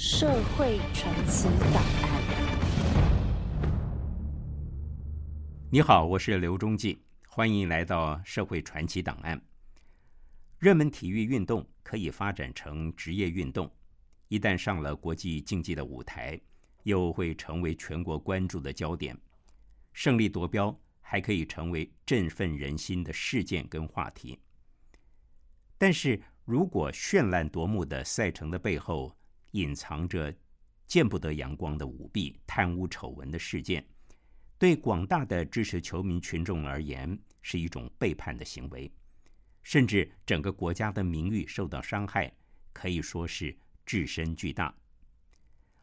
社會傳奇檔案。你好，我是劉忠記，歡迎來到社會傳奇檔案。熱門體育運動可以發展成職業運動，一旦上了國際競技的舞台，又會成為全國關注的焦點。勝利奪標還可以成為振奮人心的事件跟話題，但是如果絢爛奪目的賽程的背後，隱藏着見不得陽光的舞弊、貪污醜聞的事件，對廣大的支持球迷群眾而言是一種背叛的行為，甚至整個國家的名譽受到傷害，可以說是至深巨大。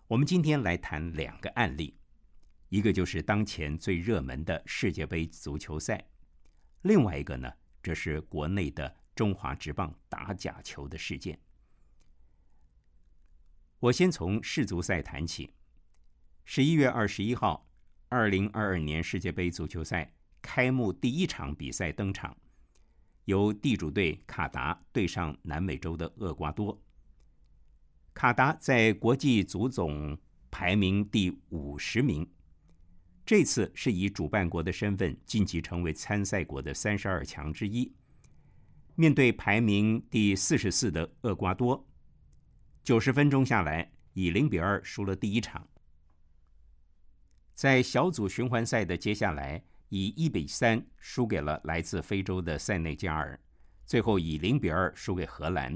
我們今天來談兩個案例，一個就是當前最熱門的世界杯足球賽，另外一個呢，這是國內的中華職棒打假球的事件。我先從世足賽談起。十一月二十一號，二零二二年世界杯足球賽開幕第一場比賽登場，由地主隊卡達對上南美洲的厄瓜多。卡達在國際足總排名第五十名，這次是以主辦國的身份晉級成為參賽國的三十二強之一，面對排名第四十四的厄瓜多。九十分鐘下來，以零比二輸了第一場。在小組循環賽的接下來，以一比三輸給了來自非洲的塞內加爾，最後以零比二輸給荷蘭，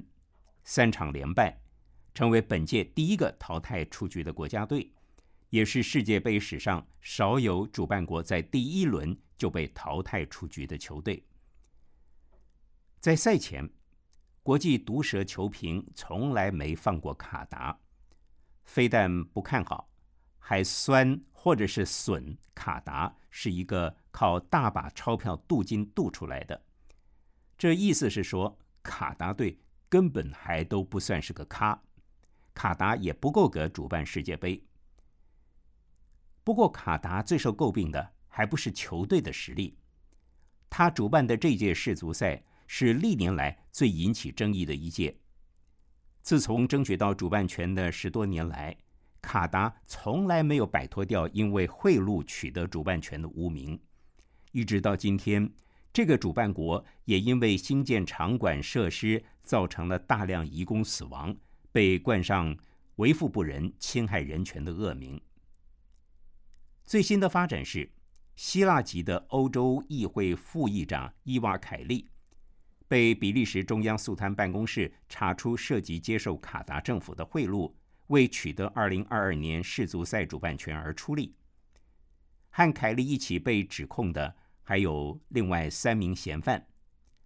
三場連敗，成為本屆第一個淘汰出局的國家隊，也是世界杯史上少有主辦國在第一輪就被淘汰出局的球隊。在賽前，國際毒舌球評從來沒放過卡達，非但不看好，還酸或者是損卡達是一個靠大把鈔票鍍金鍍出來的。這意思是說，卡達隊根本還都不算是個咖，卡達也不夠格主辦世界杯。不過卡達最受詬病的還不是球隊的實力，他主辦的這屆世足賽。是歷年來最引起爭議的一屆。自從爭取到主辦權的十多年來，卡達從來沒有擺脫掉因為賄賂取得主辦權的污名。一直到今天，這個主辦國也因為新建場館設施造成了大量移工死亡，被冠上為富不仁、侵害人權的惡名。最新的發展是，希臘籍的歐洲議會副議長伊瓦凱利。被比利時中央肅貪辦公室查出涉及接受卡達政府的賄賂，為取得2022年世足賽主辦權而出力。和凱利一起被指控的還有另外三名嫌犯，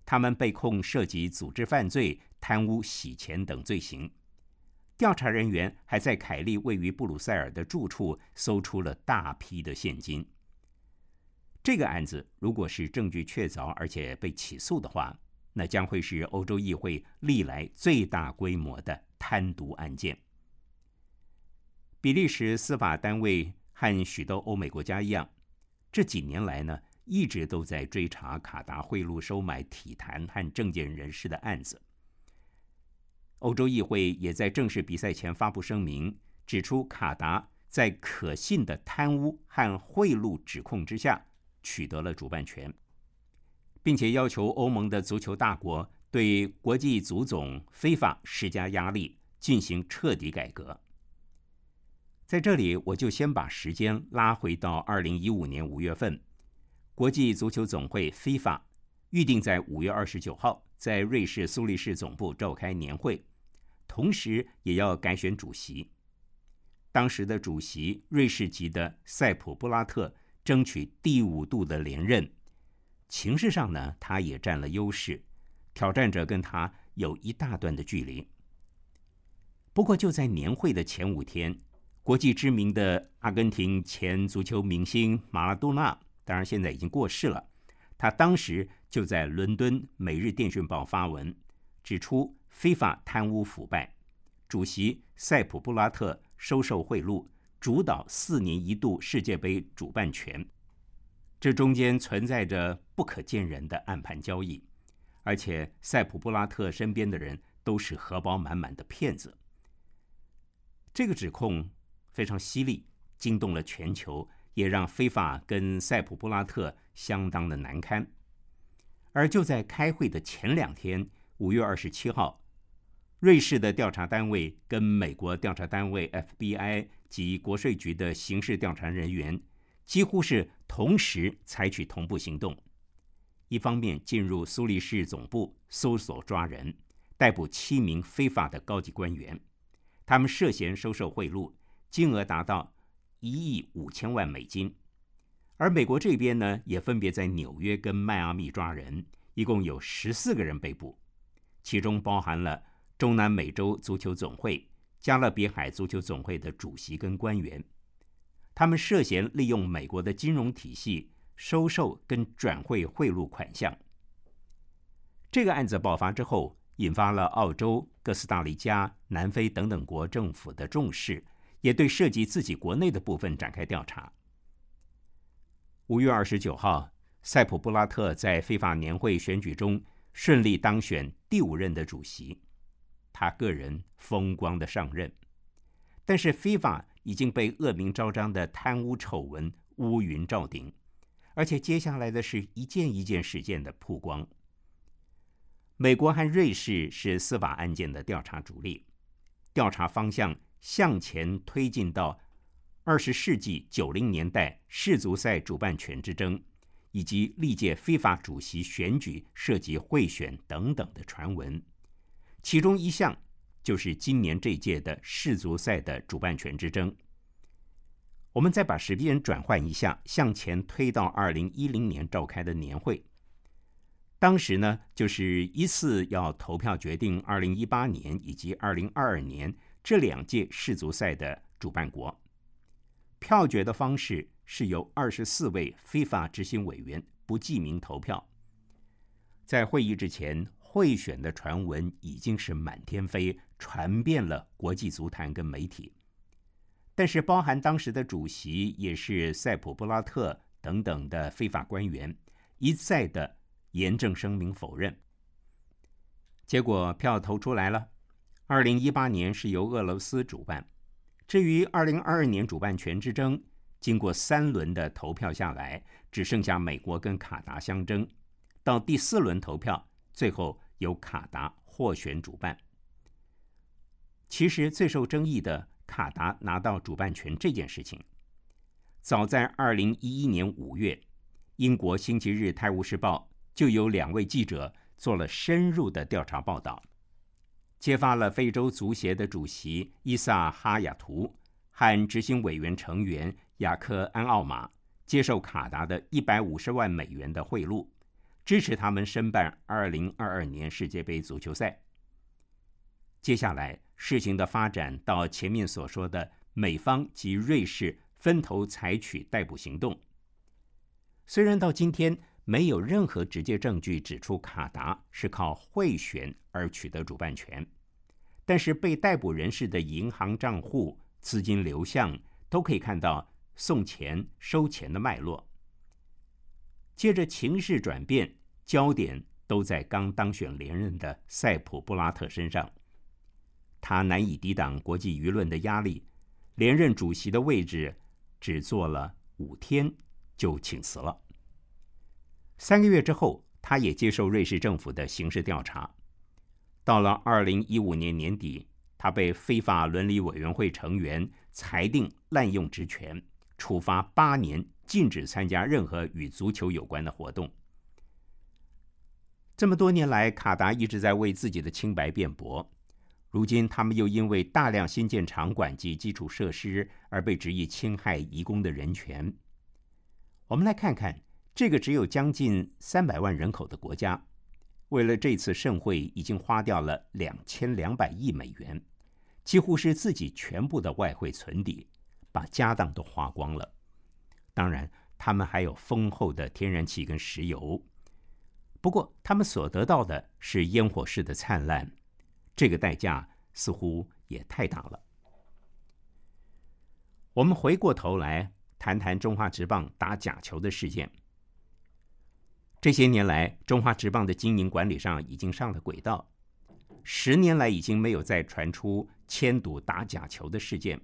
他們被控涉及組織犯罪、貪污、洗錢等罪行。調查人員還在凱利位於布魯塞爾的住處搜出了大批的現金。這個案子如果是證據確鑿而且被起訴的話，那將會是歐洲議會歷來最大規模的貪瀆案件。比利時司法單位和許多歐美國家一樣，這幾年來呢，一直都在追查卡達賄賂收買體壇和政界人士的案子。歐洲議會也在正式比賽前發布聲明，指出卡達在可信的貪污和賄賂指控之下，取得了主辦權。並且要求歐盟的足球大國對國際足總 FIFA 施加壓力，進行徹底改革。在這裡，我就先把時間拉回到二零一五年五月份，國際足球總會 FIFA 預定在五月二十九號在瑞士蘇黎世總部召開年會，同時也要改選主席。當時的主席瑞士籍的塞普·布拉特爭取第五度的連任。形式上呢，他也佔了優勢，挑戰者跟他有一大段的距離。不過就在年會的前五天，國際知名的阿根廷前足球明星馬拉多納，當然現在已經過世了，他當時就在《倫敦每日電訊報》發文，指出非法貪污腐敗，主席塞普布拉特收受賄賂，主導四年一度世界杯主辦權。這中間存在着不可見人的暗盤交易，而且塞普布拉特身邊的人都是荷包滿滿的騙子。這個指控非常犀利，驚動了全球，也讓 FIFA 跟塞普布拉特相當的難堪。而就在開會的前兩天，五月二十七號，瑞士的調查單位跟美國調查單位 FBI 及國稅局的刑事調查人員幾乎是。同時採取同步行動，一方面進入蘇黎世總部搜索抓人，逮捕七名非法的高級官員，他們涉嫌收受賄賂，金額達到一億五千萬美金。而美國這邊呢，也分別在紐約跟邁阿密抓人，一共有十四個人被捕，其中包含了中南美洲足球總會、加勒比海足球總會的主席跟官員。他們涉嫌利用美國的金融體系收受跟轉會賄賂款項。這個案子爆發之後，引發了澳洲、哥斯達黎加、南非等等國政府的重視，也對涉及自己國內的部分展開調查。五月二十九號，塞普布拉特在 FIFA 年會選舉中順利當選第五任的主席，他個人風光的上任，但是 FIFA。已經被惡名昭彰的貪污醜聞烏雲罩頂，而且接下來的是一件一件事件的曝光。美國和瑞士是司法案件的調查主力，調查方向向前推進到二十世紀九零年代世足賽主辦權之爭，以及歷屆 FIFA 主席選舉涉及賄選等等的傳聞，其中一項。就是今年這屆的世足賽的主辦權之爭。我們再把時間轉換一下，向前推到二零一零年召開的年會，當時呢，就是一次要投票決定二零一八年以及二零二二年這兩屆世足賽的主辦國。票決的方式是由二十四位 FIFA 執行委員不記名投票。在會議之前，賄選的傳聞已經是滿天飛。傳遍了國際足壇跟媒體，但是包含當時的主席也是塞普布拉特等等的非法官員，一再的嚴正聲明否認。結果票投出來了，二零一八年是由俄羅斯主辦。至於二零二二年主辦權之爭，經過三輪的投票下來，只剩下美國跟卡達相爭。到第四輪投票，最後由卡達獲選主辦。其實，最受爭議的卡達拿到主辦權這件事情，早在二零一一年五月，英國《星期日泰晤士報》就有兩位記者做了深入的調查報道，揭發了非洲足協的主席伊薩哈亞圖和執行委員成員雅克安奧馬接受卡達的一百五十萬美元的賄賂，支持他們申辦二零二二年世界杯足球賽。接下來。事情的發展到前面所說的，美方及瑞士分頭採取逮捕行動。雖然到今天沒有任何直接證據指出卡達是靠賄選而取得主辦權，但是被逮捕人士的銀行賬戶資金流向都可以看到送錢收錢的脈絡。接着，情勢轉變，焦點都在剛當選連任的塞普布拉特身上。他難以抵擋國際輿論的壓力，連任主席的位置只做了五天就請辭了。三個月之後，他也接受瑞士政府的刑事調查。到了二零一五年年底，他被 FIFA 倫理委員會成員裁定濫用職權，處罰八年，禁止參加任何與足球有關的活動。這麼多年來，卡達一直在為自己的清白辯駁。如今，他們又因為大量新建場館及基礎設施而被質疑侵害移工的人權。我們來看看這個只有將近三百萬人口的國家，為了這次盛會，已經花掉了兩千兩百億美元，幾乎是自己全部的外匯存底，把家當都花光了。當然，他們還有豐厚的天然氣跟石油，不過他們所得到的是煙火式的燦爛。這個代價似乎也太大了。我們回過頭來談談中華職棒打假球的事件。這些年來，中華職棒的經營管理上已經上了軌道，十年來已經沒有再傳出簽賭打假球的事件。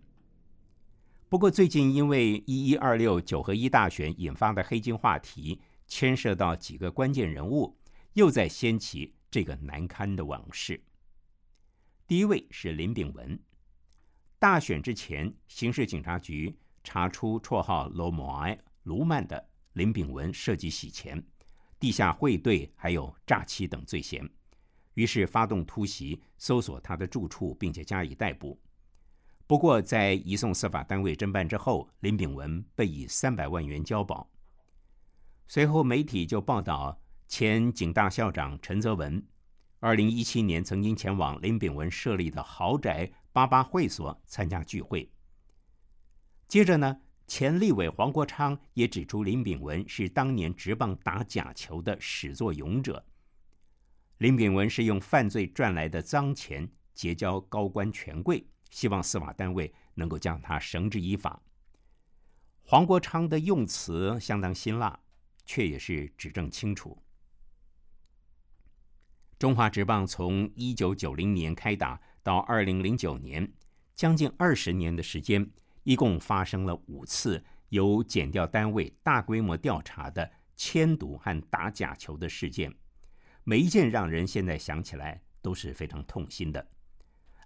不過，最近因為一一二六九合一大選引發的黑金話題，牽涉到幾個關鍵人物，又在掀起這個難堪的往事。第一位是林炳文。大選之前，刑事警察局查出綽號羅摩 w 盧曼的林炳文涉及洗錢、地下匯兌還有詐欺等罪嫌，於是發動突襲，搜索他的住處，並且加以逮捕。不過，在移送司法單位偵辦之後，林炳文被以三百萬元交保。隨後，媒體就報道前警大校長陳澤文。二零一七年，曾經前往林秉文設立的豪宅“八八會所”參加聚會。接着呢，前立委黃國昌也指出，林秉文是當年職棒打假球的始作俑者。林秉文是用犯罪賺來的贓錢結交高官權貴，希望司法單位能夠將他繩之以法。黃國昌的用詞相當辛辣，卻也是指證清楚。中華職棒從一九九零年開打到二零零九年，將近二十年的時間，一共發生了五次由檢調單位大規模調查的簽賭和打假球的事件，每一件讓人現在想起來都是非常痛心的。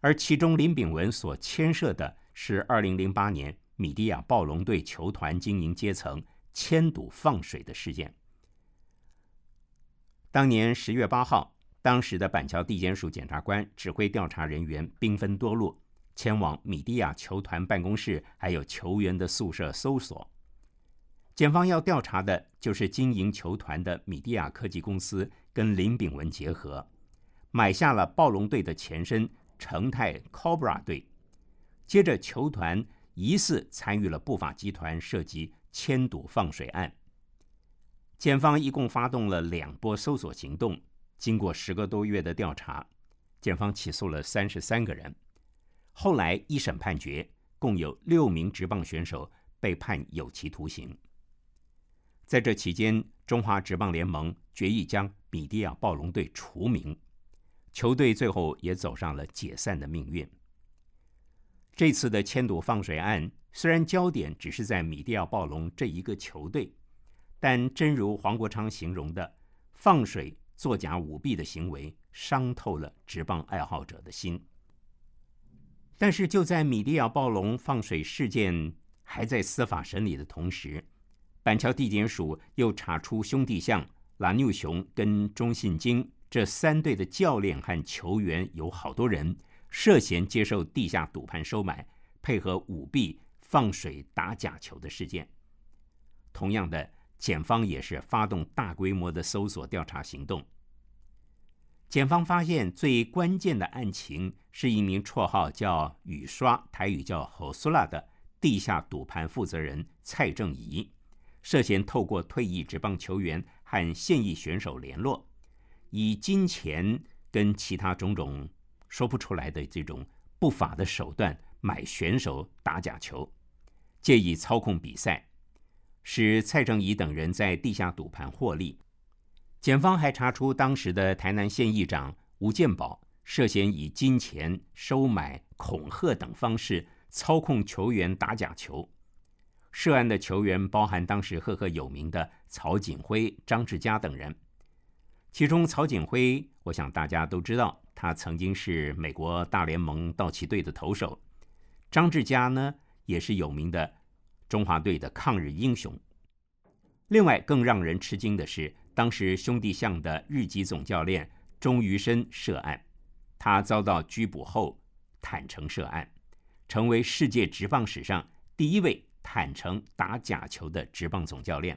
而其中林秉文所牽涉的是二零零八年米迪亞暴龍隊球團經營階層簽賭放水的事件。當年十月八號。當時的板橋地檢署檢察官指揮調查人員兵分多路，前往米迪亞球團辦公室，還有球員的宿舍搜索。檢方要調查的就是經營球團的米迪亞科技公司跟林秉文結合，買下了暴龍隊的前身誠泰 Cobra 隊。接着，球團疑似參與了不法集團涉及簽賭放水案。檢方一共發動了兩波搜索行動。經過十個多月的調查，檢方起訴了三十三個人。後來一審判決，共有六名職棒選手被判有期徒刑。在這期間，中華職棒聯盟決議將米迪亞暴龍隊除名，球隊最後也走上了解散的命運。這次的簽賭放水案，雖然焦點只是在米迪亞暴龍這一個球隊，但真如黃國昌形容的“放水”。作假舞弊的行為傷透了職棒愛好者的心。但是就在米迪亞暴龍放水事件還在司法審理的同時，板橋地檢署又查出兄弟象、La New 熊跟中信鯨這三隊的教練和球員有好多人涉嫌接受地下賭盤收買，配合舞弊、放水打假球的事件。同樣的，檢方也是發動大規模的搜索調查行動。檢方發現最關鍵的案情是一名綽號叫“雨刷”（台語叫 hosula 的）地下賭盤負責人蔡正儀，涉嫌透過退役職棒球員和現役選手聯絡，以金錢跟其他種種說不出來的這種不法的手段買選手打假球，借以操控比賽。使蔡正宜等人在地下賭盤獲利。檢方還查出當時的台南縣議長吳健保涉嫌以金錢收買、恐嚇等方式操控球員打假球。涉案的球員包含當時赫赫有名的曹錦輝、張誌家等人。其中，曹錦輝，我想大家都知道，他曾經是美國大聯盟道奇隊的投手。張誌家呢，也是有名的。中華隊的抗日英雄。另外，更讓人吃驚的是，當時兄弟象的日籍總教練中込伸涉案，他遭到拘捕後坦承涉案，成為世界職棒史上第一位坦承打假球的職棒總教練。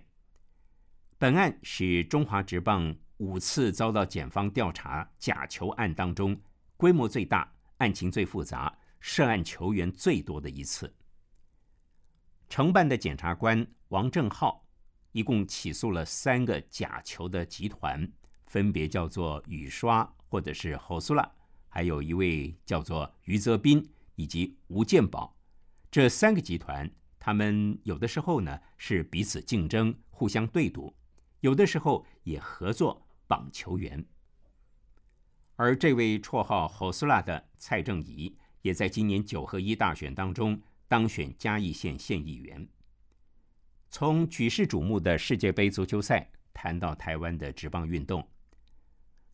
本案是中華職棒五次遭到檢方調查假球案當中規模最大、案情最複雜、涉案球員最多的一次。承辦的檢察官王正浩，一共起訴了三個假球的集團，分別叫做雨刷或者是侯蘇拉，還有一位叫做余澤斌以及吳建寶。這三個集團，他們有的時候呢是彼此競爭、互相對賭，有的時候也合作綁球員。而這位綽號侯蘇拉的蔡正宜，也在今年九合一大選當中。當選嘉義縣縣議員。從舉世矚目的世界杯足球賽談到台灣的職棒運動，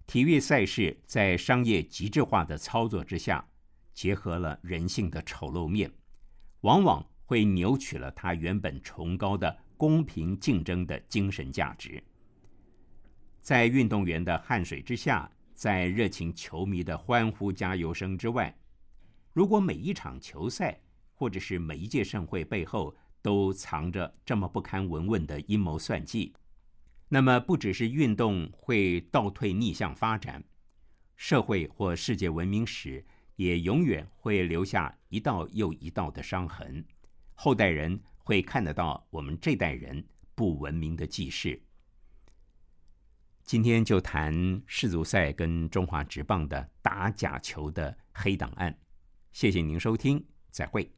體育賽事在商業極致化的操作之下，結合了人性的醜陋面，往往會扭曲了他原本崇高的公平競爭的精神價值。在運動員的汗水之下，在熱情球迷的歡呼加油聲之外，如果每一場球賽，或者是每一屆盛會背後都藏着這麼不堪聞問的陰謀算計，那麼不只是運動會倒退逆向發展，社會或世界文明史也永遠會留下一道又一道的傷痕，後代人會看得到我們這代人不文明的記事。今天就談世足賽跟中華職棒的打假球的黑檔案。謝謝您收聽，再會。